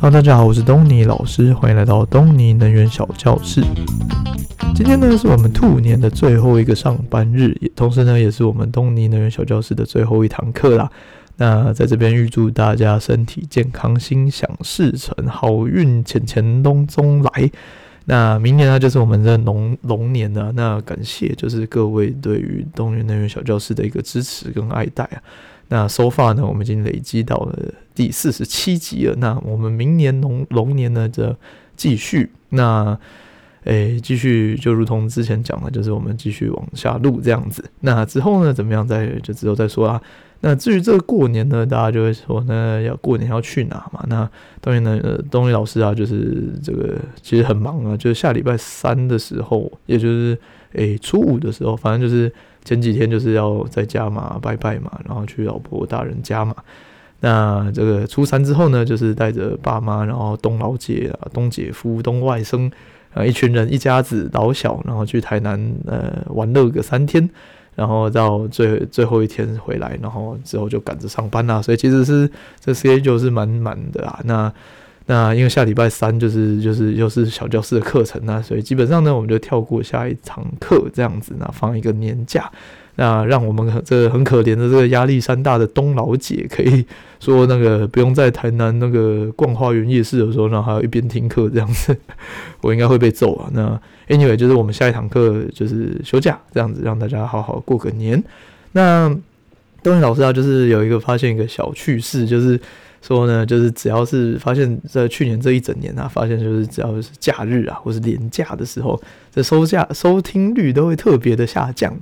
好，Hello, 大家好，我是東尼老師，歡迎來到東尼能源小教室。今天呢，是我們兔年的最後一個上班日，也同時呢，也是我們東尼能源小教室的最後一堂課啦。那在這邊預祝大家身體健康，心想事成，好運錢錢龍總來。那明年呢，就是我們的龍龍年了，啊。那感謝就是各位對於東尼能源小教室的一個支持跟愛戴啊。那 so far 呢？我們已經累積到了第四十七集了。那我們明年龍龍年呢，這繼續。那誒，繼續就如同之前講的，就是我們繼續往下錄這樣子。那之後呢，怎麼樣再？再就之後再說啦。那至於這個過年呢，大家就會說，那要過年要去哪嘛？那當然呢，呃、東尼老師啊，就是這個其實很忙啊，就是下禮拜三的時候，也就是誒初五的時候，反正就是。前幾天就是要在家嘛，拜拜嘛，然後去老婆大人家嘛。那這個初三之後呢，就是帶着爸媽，然後東老姐啊、東姐夫、東外甥啊，一群人、一家子老小，然後去台南呃玩樂個三天，然後到最最後一天回來，然後之後就趕着上班啦。所以其實是這時間就是滿滿的啊。那那因為下禮拜三就是就是又是小教室的課程那、啊、所以基本上呢，我們就跳過下一堂課這樣子，那放一個年假，那讓我們很這個、很可憐的這個壓力山大的東老姐可以說那個不用在台南那個逛花園夜市的時候呢，然後還有一邊聽課這樣子，我應該會被揍啊。那 anyway，就是我們下一堂課就是休假這樣子，讓大家好好過個年。那東尼老師啊，就是有一個發現一個小趣事，就是。說呢，就是只要是發現，在去年這一整年啊，發現就是只要是假日啊，或是連假的時候，這收假收聽率都會特別的下降。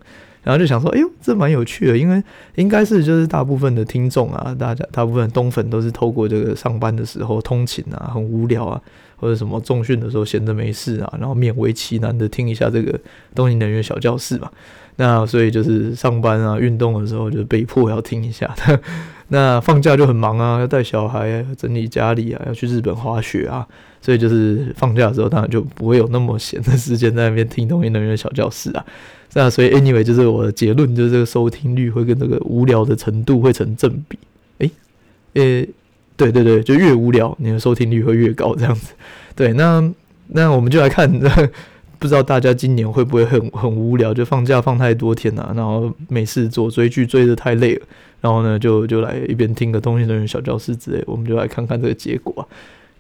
然後就想說，哎呦，這蠻有趣的，因為應該是就是大部分的聽眾啊，大家大部分東粉都是透過這個上班的時候通勤啊，很無聊啊，或者什麼重訓的時候閒着沒事啊，然後勉為其難的聽一下這個東尼能源小教室嘛。那所以就是上班啊、運動的時候，就被迫要聽一下。呵呵那放假就很忙啊，要帶小孩、整理家裡啊，要去日本滑雪啊，所以就是放假的時候，當然就不會有那麼閒的時間在那邊聽東尼那邊的小教室啊。那所以 anyway，就是我的結論，就是這個收聽率會跟這個無聊的程度會成正比。誒、欸、誒、欸，對對對，就越無聊，你的收聽率會越高，這樣子。對，那那我們就來看。呵呵不知道大家今年會不會很很無聊，就放假放太多天吶、啊，然後沒事做，追劇追得太累了，然後呢就就來一邊聽個東尼那種小教室之類，我們就來看看這個結果。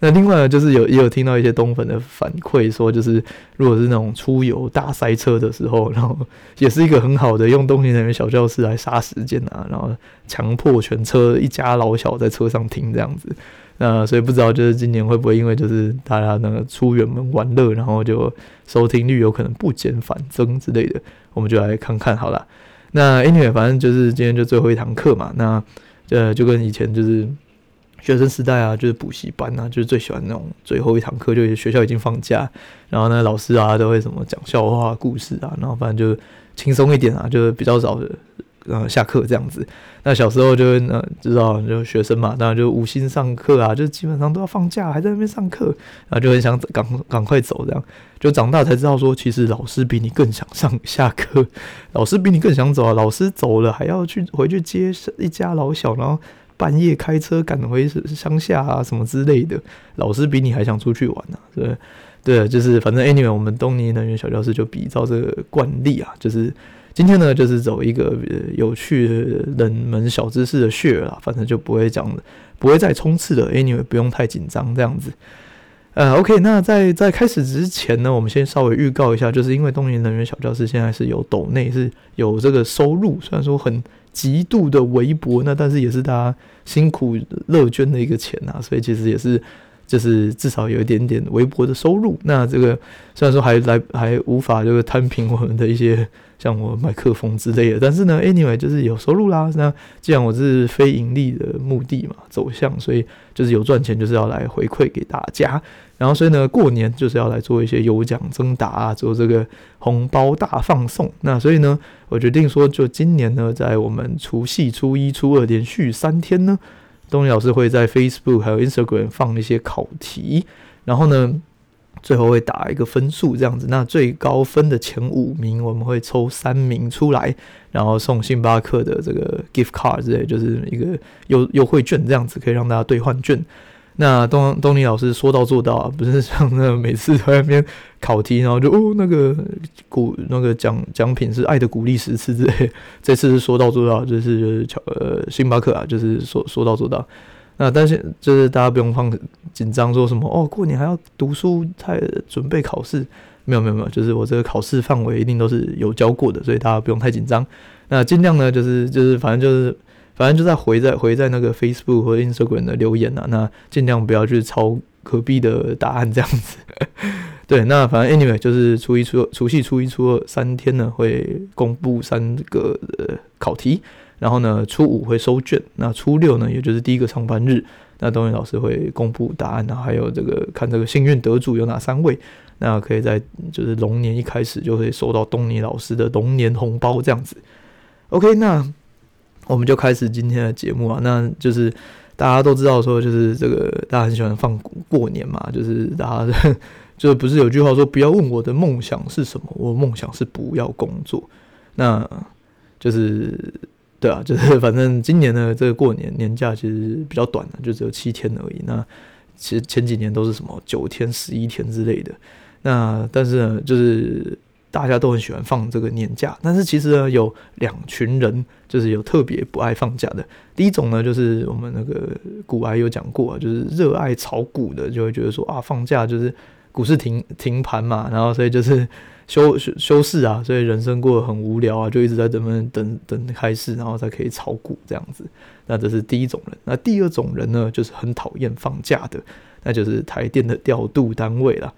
那另外呢，就是有也有聽到一些東粉的反饋說，就是如果是那種出遊大塞車的時候，然後也是一個很好的用東尼那邊小教室來殺時間吶、啊，然後強迫全車一家老小在車上聽這樣子。那所以不知道就是今年會不會因為就是大家那個出遠門玩樂，然後就收聽率有可能不減反增之類的，我們就來看看好了。那 anyway 反正就是今天就最後一堂課嘛，那呃就跟以前就是。學生時代啊，就是補習班啊，就是最喜歡那種最後一堂課，就是學校已經放假，然後呢，老師啊都會什麼講笑話、故事啊，然後反正就輕鬆一點啊，就是比較早的嗯、呃、下課這樣子。那小時候就會呃知道就學生嘛，當然就無心上課啊，就基本上都要放假，還在那邊上課，然後就很想趕趕快走這樣。就長大才知道說，其實老師比你更想上下課，老師比你更想走啊。老師走了還要去回去接一家老小，然後。半夜開車趕回是鄉下啊，什麼之類的，老師比你還想出去玩呢、啊，對對，就是反正 anyway，我們東尼能源小教室就比照這個慣例啊，就是今天呢，就是走一個、呃、有趣冷門小知識的穴啦，反正就不會講，不會再衝刺了，anyway，不用太緊張這樣子。呃，OK，那在在開始之前呢，我們先稍微預告一下，就是因為東尼能源小教室現在是有抖內是有這個收入，雖然說很。極度的微薄，那但是也是大家辛苦樂捐的一個錢吶、啊，所以其實也是。就是至少有一點點微薄的收入，那這個雖然說還來還無法就是攤平我們的一些像我麥克風之類的，但是呢，anyway 就是有收入啦。那既然我是非盈利的目的嘛，走向所以就是有賺錢就是要來回饋給大家，然後所以呢，過年就是要來做一些有獎徵答啊，做這個紅包大放送。那所以呢，我決定說就今年呢，在我們除夕、初一、初二連續三天呢。東尼老師會在 Facebook 還有 Instagram 放一些考題，然後呢，最後會打一個分數這樣子。那最高分的前五名，我們會抽三名出來，然後送星巴克的這個 gift card 之類，就是一個優優惠券這樣子，可以讓大家兌換券。那東東尼老師說到做到啊，不是像那每次都在那邊考題，然後就哦那個鼓那個獎獎品是愛的鼓勵十次之類，這次是說到做到，就是就是巧呃星巴克啊，就是說說到做到。那但是就是大家不用放緊張，說什麼哦過年還要讀書太準備考試，沒有沒有沒有，就是我這個考試範圍一定都是有教過的，所以大家不用太緊張。那儘量呢就是就是反正就是。反正就在回在回在那個 Facebook 和 Instagram 的留言吶、啊，那盡量不要去抄隔壁的答案這樣子。 對，那反正 anyway 就是初一初、初除夕、初一、初二三天呢會公布三個呃考題，然後呢初五會收卷，那初六呢也就是第一個上班日，那東尼老師會公布答案，然後還有這個看這個幸運得主有哪三位，那可以在就是龍年一開始就會收到東尼老師的龍年紅包這樣子。OK，那。我們就開始今天的節目啊，那就是大家都知道說，就是這個大家很喜歡放過年嘛，就是大家就，就不是有句話說，不要問我的夢想是什麼，我的夢想是不要工作。那就是對啊，就是反正今年的這個過年年假其實比較短的啊，就只有七天而已。那其實前幾年都是什麼九天、十一天之類的，那但是呢，就是。大家都很喜歡放這個年假，但是其實呢，有兩群人就是有特別不愛放假的。第一種呢，就是我們那個股癌有講過啊，就是熱愛炒股的，就會覺得說啊，放假就是股市停停盤嘛，然後所以就是休休休市啊，所以人生過得很無聊啊，就一直在這邊等等開市，然後才可以炒股這樣子。那這是第一種人。那第二種人呢，就是很討厭放假的，那就是台電的調度單位了。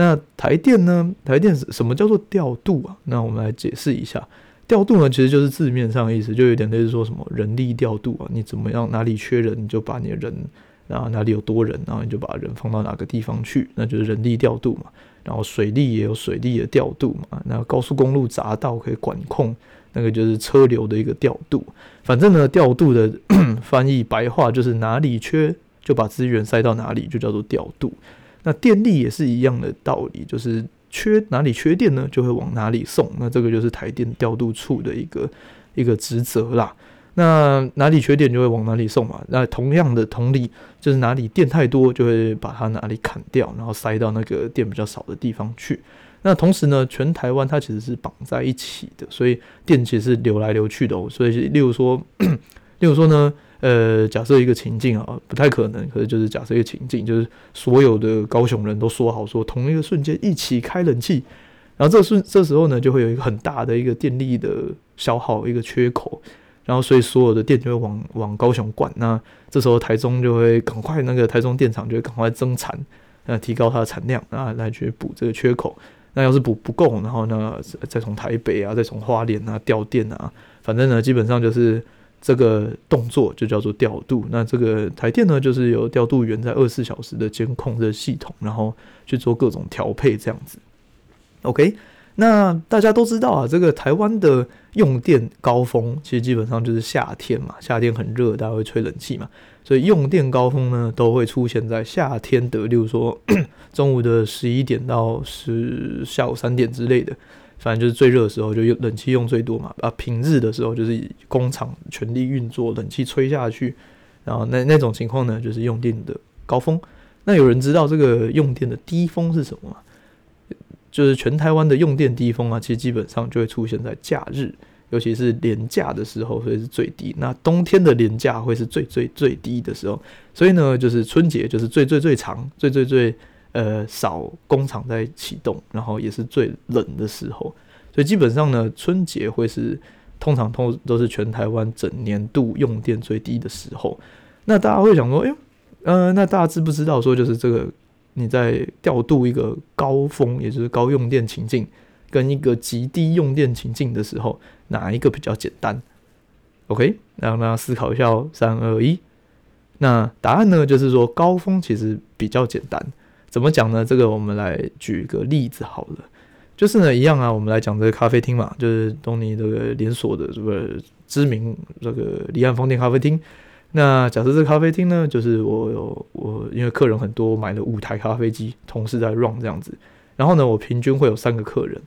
那台電呢？台電是什麼叫做調度啊？那我們來解釋一下，調度呢其實就是字面上的意思，就有點類似說什麼人力調度啊，你怎麼樣，哪裡缺人，你就把你的人，然後哪裡有多人，然後你就把人放到哪個地方去，那就是人力調度嘛。然後水利也有水利的調度嘛。那高速公路匝道可以管控，那個就是車流的一個調度。反正呢，調度的 翻譯白話就是哪裡缺，就把資源塞到哪裡，就叫做調度。那電力也是一樣的道理，就是缺哪裡缺電呢，就會往哪裡送。那這個就是台電調度處的一個一個職責啦。那哪裡缺電就會往哪裡送嘛。那同樣的同理，就是哪裡電太多，就會把它哪裡砍掉，然後塞到那個電比較少的地方去。那同時呢，全台灣它其實是綁在一起的，所以電其實是流來流去的喔。所以例如說， 例如說呢。呃，假設一個情境啊、呃，不太可能，可能就是假設一個情境，就是所有的高雄人都說好，說同一個瞬間一起開冷氣，然後這瞬這時候呢，就會有一個很大的一個電力的消耗一個缺口，然後所以所有的電就會往往高雄灌，那這時候台中就會趕快，那個台中電廠就會趕快增產，那提高它的產量啊，來去補這個缺口，那要是補不夠，然後呢再從台北啊，再從花蓮啊調電啊，反正呢基本上就是。這個動作就叫做調度。那這個台電呢，就是由調度員在二十四小時的監控這系統，然後去做各種調配這樣子。OK，那大家都知道啊，這個台灣的用電高峰其實基本上就是夏天嘛，夏天很熱，大家會吹冷氣嘛，所以用電高峰呢都會出現在夏天的，例如說 中午的十一點到十下午三點之類的。反正就是最熱的時候就用冷氣用最多嘛，啊平日的時候就是工廠全力運作，冷氣吹下去，然後那那種情況呢就是用電的高峰。那有人知道這個用電的低峰是什麼嗎？就是全台灣的用電低峰啊，其實基本上就會出現在假日，尤其是年假的時候，所以是最低。那冬天的年假會是最最最低的時候，所以呢就是春節就是最最最長、最最最。呃，少工廠在啟動，然後也是最冷的時候，所以基本上呢，春節會是通常通都是全台灣整年度用電最低的時候。那大家會想說，哎，呃，那大家知不知道說，就是這個你在調度一個高峰，也就是高用電情境，跟一個極低用電情境的時候，哪一個比較簡單？OK，讓大家思考一下哦，三二一。那答案呢，就是說高峰其實比較簡單。怎麼講呢？這個我們來舉個例子好了，就是呢一樣啊，我們來講這個咖啡廳嘛，就是東尼這個連鎖的這個知名這個離岸風電咖啡廳。那假設這個咖啡廳呢，就是我有我因為客人很多，買了五台咖啡機，同時在 run 這樣子。然後呢，我平均會有三個客人。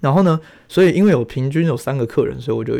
然後呢，所以因為我平均有三個客人，所以我就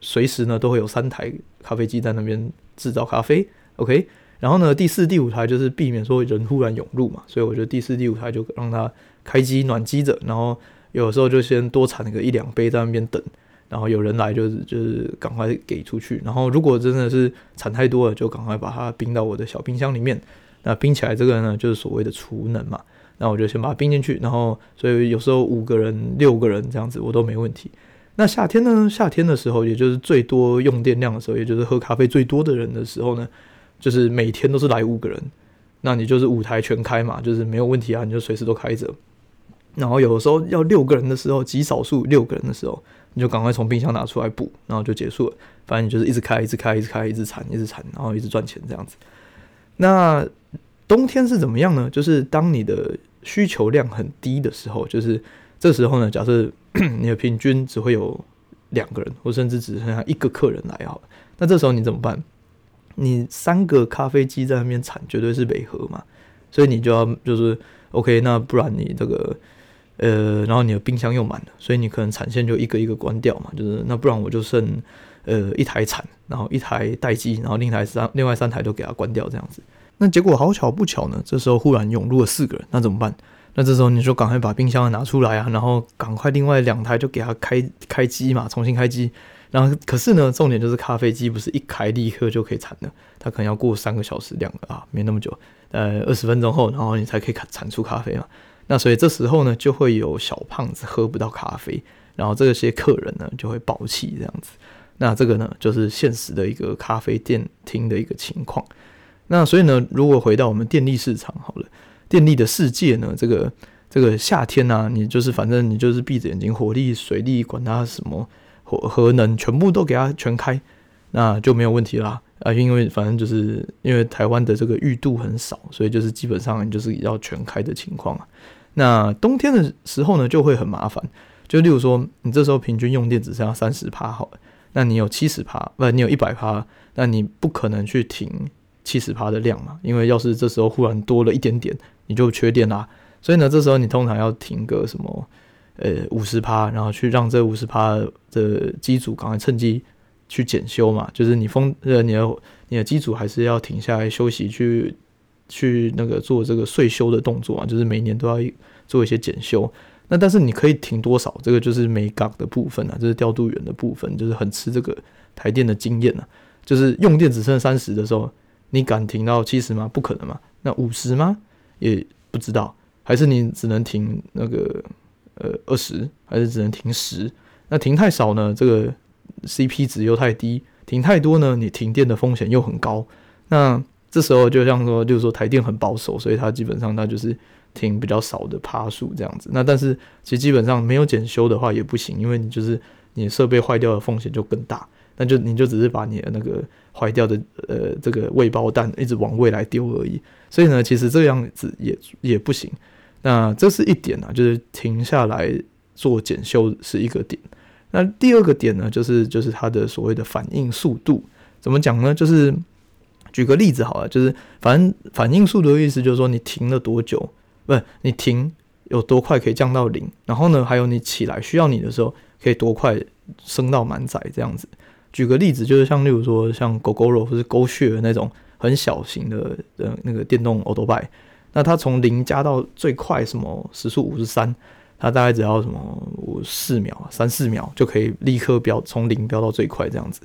隨時呢都會有三台咖啡機在那邊製造咖啡。OK。然後呢，第四、第五台就是避免說人忽然湧入嘛，所以我覺得第四、第五台就讓它開機暖機着，然後有時候就先多產個一兩杯在那邊等，然後有人來就是就是趕快給出去，然後如果真的是產太多了，就趕快把它冰到我的小冰箱裡面。那冰起來這個呢，就是所謂的儲能嘛。那我就先把它冰進去，然後所以有時候五個人、六個人這樣子我都沒問題。那夏天呢？夏天的時候，也就是最多用電量的時候，也就是喝咖啡最多的人的時候呢？就是每天都是來五個人，那你就是五台全開嘛，就是沒有問題啊，你就隨時都開着。然後有的時候要六個人的時候，極少數六個人的時候，你就趕快從冰箱拿出來補，然後就結束了。反正你就是一直開，一直開，一直開，一直鏟一直鏟，然後一直賺錢這樣子。那冬天是怎麼樣呢？就是當你的需求量很低的時候，就是這時候呢，假設你的平均只會有兩個人，或甚至只剩下一個客人來，好了，那這時候你怎麼辦？你三個咖啡機在那邊產，絕對是違和嘛，所以你就要就是，OK，那不然你這個，呃，然後你的冰箱又滿了，所以你可能產線就一個一個關掉嘛，就是那不然我就剩呃一台產，然後一台待機，然後另台三另外三台都給它關掉這樣子。那結果好巧不巧呢，這時候忽然湧入了四個人，那怎麼辦？那這時候你就趕快把冰箱拿出來啊，然後趕快另外兩台就給它開開機嘛，重新開機。然後，可是呢，重點就是咖啡機不是一開立刻就可以產的，它可能要過三個小時，兩個啊，沒那麼久，呃，二十分鐘後，然後你才可以產出咖啡嘛。那所以這時候呢，就會有小胖子喝不到咖啡，然後這些客人呢就會爆氣這樣子。那這個呢，就是現實的一個咖啡店廳的一個情況。那所以呢，如果回到我們電力市場好了，電力的世界呢，這個這個夏天呢、啊，你就是反正你就是閉着眼睛，火力、水力，管它什麼。核核能全部都給它全開，那就沒有問題啦，啊。啊，因為反正就是因為台灣的這個裕度很少，所以就是基本上就是要全開的情況啊。那冬天的時候呢，就會很麻煩。就例如說，你這時候平均用電只剩下三十帕好了，那你有七十帕，不，啊，你有一百帕，那你不可能去停七十帕的量嘛？因為要是這時候忽然多了一點點，你就缺電啦。所以呢，這時候你通常要停個什麼？呃，五十趴，然後去讓這五十趴的機組趕快趁機去檢修嘛。就是你封，你的你的機組還是要停下來休息去，去去那個做這個歲修的動作啊。就是每年都要一做一些檢修。那但是你可以停多少？這個就是每港的部分啊，就是調度員的部分，就是很吃這個台電的經驗啊。就是用電只剩三十的時候，你敢停到七十嗎？不可能嘛。那五十嗎？也不知道。還是你只能停那個？呃，二十，還是只能停十？那停太少呢，這個 C P 值，又太低；停太多呢，你停電的風險又很高。那這時候就像說，就是說台電很保守，所以它基本上它就是停比較少的趴數這樣子。那但是其實基本上沒有檢修的話也不行，因為你就是你設備壞掉的風險就更大。那就你就只是把你的那個壞掉的呃這個未爆彈一直往未來丟而已。所以呢，其實這樣子也也不行。那這是一點呢、啊，就是停下來做檢修是一個點。那第二個點呢，就是就是它的所謂的反應速度，怎麼講呢？就是舉個例子好了，就是反正反應速度的意思就是說你停了多久，不是，你停有多快可以降到零，然後呢，還有你起來需要你的時候可以多快升到滿載這樣子。舉個例子，就是像例如說像 Gogoro 或是 GoShare 的那種很小型的那個電動 AutoBike。那它從零加到最快什麼時速五十三。它大概只要什麼五四秒、三四秒就可以立刻飆，從零飆到最快這樣子。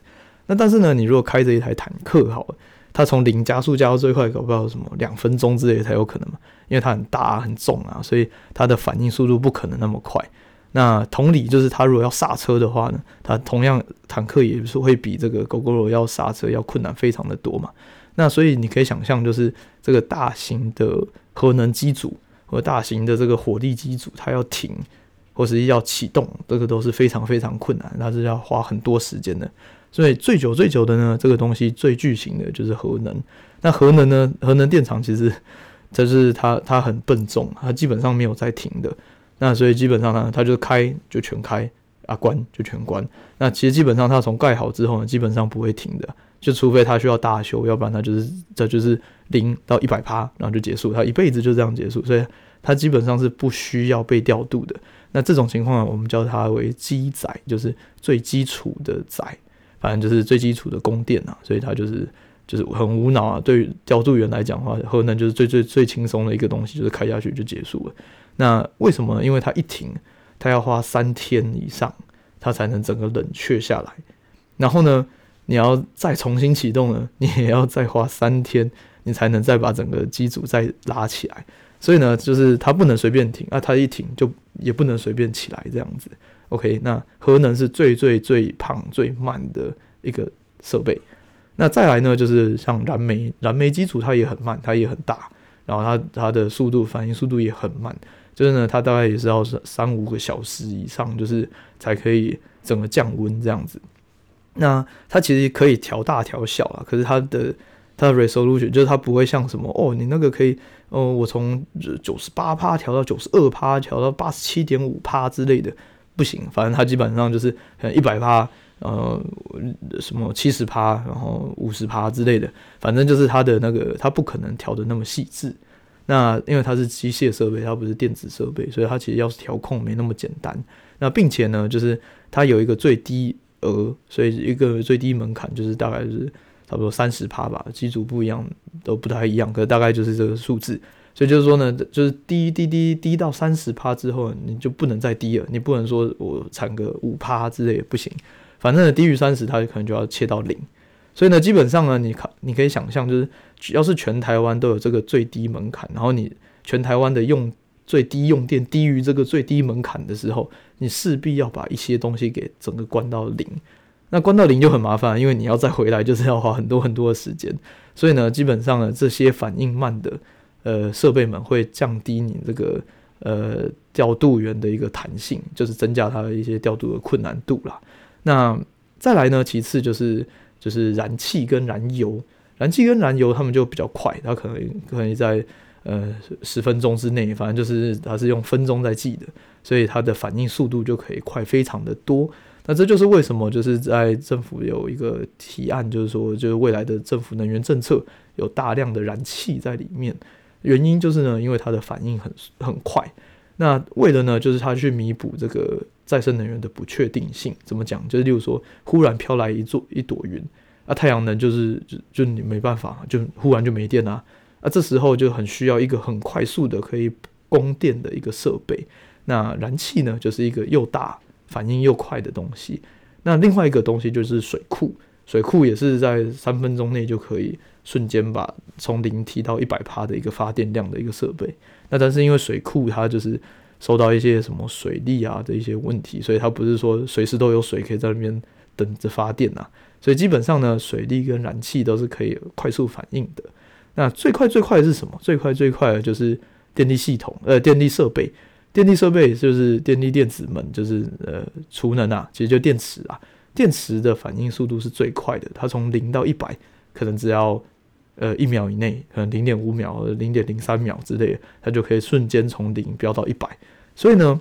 那但是呢，你如果開着一台坦克，好了，它從零加速加到最快，搞不好什麼兩分鐘之類才有可能嘛，因為它很大、啊、很重啊，所以它的反應速度不可能那麼快。那同理，就是它如果要剎車的話呢，它同樣坦克也是會比這個 Gogoro 要剎車要困難非常的多嘛。那所以你可以想象，就是這個大型的核能機組和大型的這個火力機組，它要停或是要啟動，這個都是非常非常困難，它是要花很多時間的。所以最久最久的呢，這個東西最巨型的就是核能。那核能呢，核能電廠其實它就是它、它很笨重，它基本上沒有在停的。那所以基本上呢，它就開就全開啊，關，關就全關。那其實基本上它從蓋好之後呢，基本上不會停的。就除非他需要大修，要不然他就是這就是零到一百趴，然後就結束，他一輩子就這樣結束，所以他基本上是不需要被調度的。那這種情況呢，我們叫它為基載，就是最基礎的載，反正就是最基礎的供電啊，所以它就是就是很無腦啊。對於調度員來講的話，核能就是最最最輕鬆的一個東西，就是開下去就結束了。那為什麼呢？因為它一停，它要花三天以上，它才能整個冷卻下來。然後呢，你要再重新啟動呢，你也要再花三天，你才能再把整個機組再拉起來。所以呢，就是它不能隨便停，那、啊、它一停就也不能隨便起來這樣子。OK，那核能是最最最胖、最慢的一個設備。那再來呢，就是像燃煤，燃煤機組它也很慢，它也很大，然後它它的速度反應速度也很慢，就是呢，它大概也是要三三五個小時以上，就是才可以整個降溫這樣子。那它其實可以調大調小了，可是它的它的 resolution 就是它不會像什麼哦，你那個可以哦，我從九十八趴調到九十二趴調到八十七點五趴之類的不行。反正它基本上就是一百趴，呃，什麼七十趴，然後五十趴之類的。反正就是它的那個，它不可能調的那麼細緻。那因為它是機械設備，它不是電子設備，所以它其實要是調控沒那麼簡單。那並且呢，就是它有一個最低。呃，所以一個最低門檻就是大概是差不多三十趴吧，機組不一樣都不太一樣，可大概就是這個數字。所以就是說呢，就是低低低低到三十趴之後，你就不能再低了，你不能說我產個五趴之類也不行。反正呢，低於三十，它可能就要切到零。所以呢，基本上呢，你看你可以想象，就是只要是全台灣都有這個最低門檻，然後你全台灣的用，最低用電低於這個最低門檻的時候，你勢必要把一些東西給整個關到零。那關到零就很麻煩，因為你要再回來就是要花很多很多的時間。所以呢，基本上呢，這些反應慢的呃設備們會降低你這個呃調度員的一個彈性，就是增加它的一些調度的困難度啦。那再來呢，其次就是就是燃氣跟燃油，燃氣跟燃油它們就比較快，它可能可能在。呃，十分鐘之內，反正就是它是用分鐘在計的，所以它的反應速度就可以快非常的多。那這就是為什麼，就是在政府有一個提案，就是說，就是未來的政府能源政策有大量的燃氣在裡面。原因就是呢，因為它的反應很很快。那為了呢，就是它去彌補這個再生能源的不確定性。怎麼講？就是例如說，忽然飄來一座一朵雲，啊，太陽能就是就就你沒辦法，就忽然就沒電啊。那、啊、這時候就很需要一個很快速的可以供電的一個設備。那燃氣呢，就是一個又大反應又快的東西。那另外一個東西就是水庫，水庫也是在三分鐘內就可以瞬間把從零提到一百趴的一個發電量的一個設備。那但是因為水庫它就是受到一些什麼水力啊的一些問題，所以它不是說隨時都有水可以在那邊等着發電吶、啊。所以基本上呢，水力跟燃氣都是可以快速反應的。那最快最快的是什麼？最快最快的就是電力系統，呃，電力設備，電力設備就是電力電子們，就是呃儲能啊，其實就電池啊，電池的反應速度是最快的，它從零到一百可能只要呃一秒以內，可能零點五秒，零點零三秒之類的，它就可以瞬間從零飆到一百。所以呢，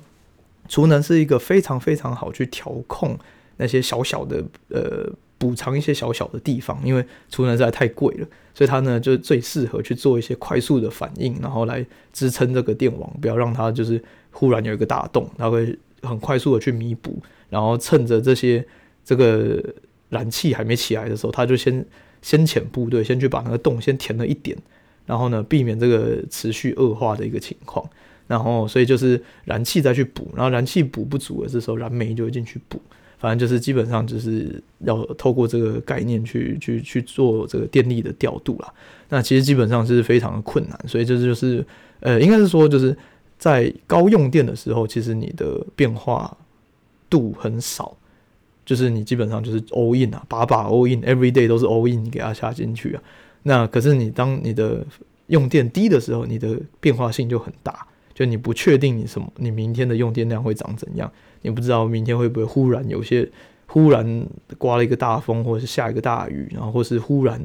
儲能是一個非常非常好去調控那些小小的呃補償一些小小的地方，因為儲能實在太貴了。所以它呢，就最適合去做一些快速的反應，然後來支撐這個電網，不要讓它就是忽然有一個大洞，它會很快速的去彌補，然後趁着這些這個燃氣還沒起來的時候，它就先先遣部隊先去把那個洞先填了一點，然後呢，避免這個持續惡化的一個情況，然後所以就是燃氣再去補，然後燃氣補不足了，這時候燃煤就會進去補。反正就是基本上就是要透過這個概念去去去做這個電力的調度啦。那其實基本上是非常的困難，所以就是就是呃，應該是說就是在高用電的時候，其實你的變化度很少，就是你基本上就是 all in 啊，把把 all in，every day 都是 all in 你給它下進去啊。那可是你當你的用電低的時候，你的變化性就很大，就你不確定你什麼，你明天的用電量會長怎樣。也不知道明天會不會忽然有些忽然颳了一個大風，或者是下一個大雨，然後或是忽然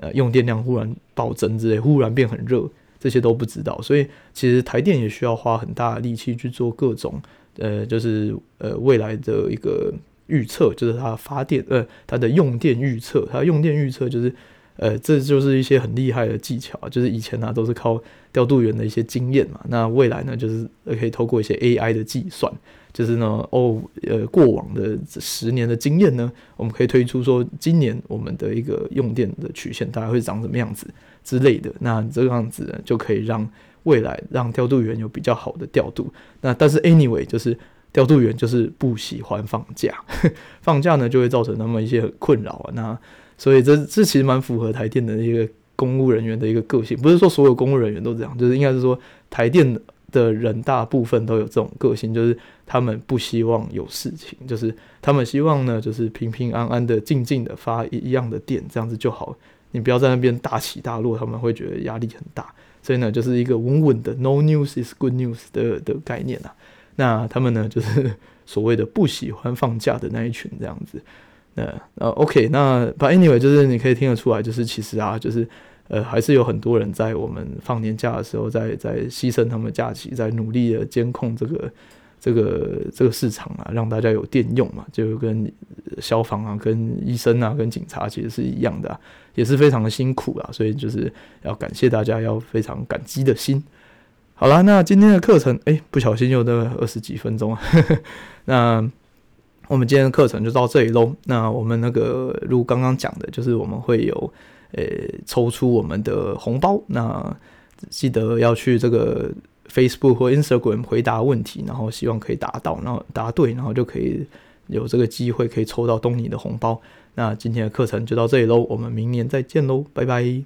呃用電量忽然暴增之類，忽然變很熱，這些都不知道。所以其實台電也需要花很大的力氣去做各種呃，就是呃未來的一個預測，就是它發電呃它的用電預測，它的用電預測就是呃這就是一些很厲害的技巧，就是以前呢、啊、都是靠調度員的一些經驗嘛，那未來呢就是可以透過一些 AI 的計算。就是呢，哦，呃，過往的這十年的經驗呢，我們可以推出說，今年我們的一個用電的曲線大概會長什麼樣子之類的。那這個樣子呢，就可以讓未來讓調度員有比較好的調度。那但是，anyway，就是調度員就是不喜歡放假，放假呢就會造成那麼一些困擾啊。那所以這這其實蠻符合台電的一個公務人員的一個個性，不是說所有公務人員都這樣，就是應該是說台電的。的人大部分都有這種個性，就是他們不希望有事情，就是他們希望呢，就是平平安安的、靜靜的發一樣的電，這樣子就好。你不要在那邊大起大落，他們會覺得壓力很大。所以呢，就是一個穩穩的 “no news is good news” 的的概念啊。那他們呢，就是所謂的不喜歡放假的那一群這樣子。那呃，okay，那 but anyway，就是你可以聽得出來，就是其實啊，就是。呃，還是有很多人在我們放年假的時候在，在在犧牲他們假期，在努力的監控這個這個這個市場啊，讓大家有電用嘛，就跟消防啊、跟醫生啊、跟警察其實是一樣的，啊，也是非常的辛苦啊。所以就是要感謝大家，要非常感激的心。好了，那今天的課程，哎，欸，不小心又到了二十幾分鐘啊。那我們今天的課程就到這裡嘍。那我們那個如剛剛講的，就是我們會有。呃、欸，抽出我們的紅包，那記得要去這個 Facebook 或 Instagram 回答問題，然後希望可以答到，然後答對，然後就可以有這個機會可以抽到東尼的紅包。那今天的課程就到這裡嘍，我們明年再見嘍，拜拜。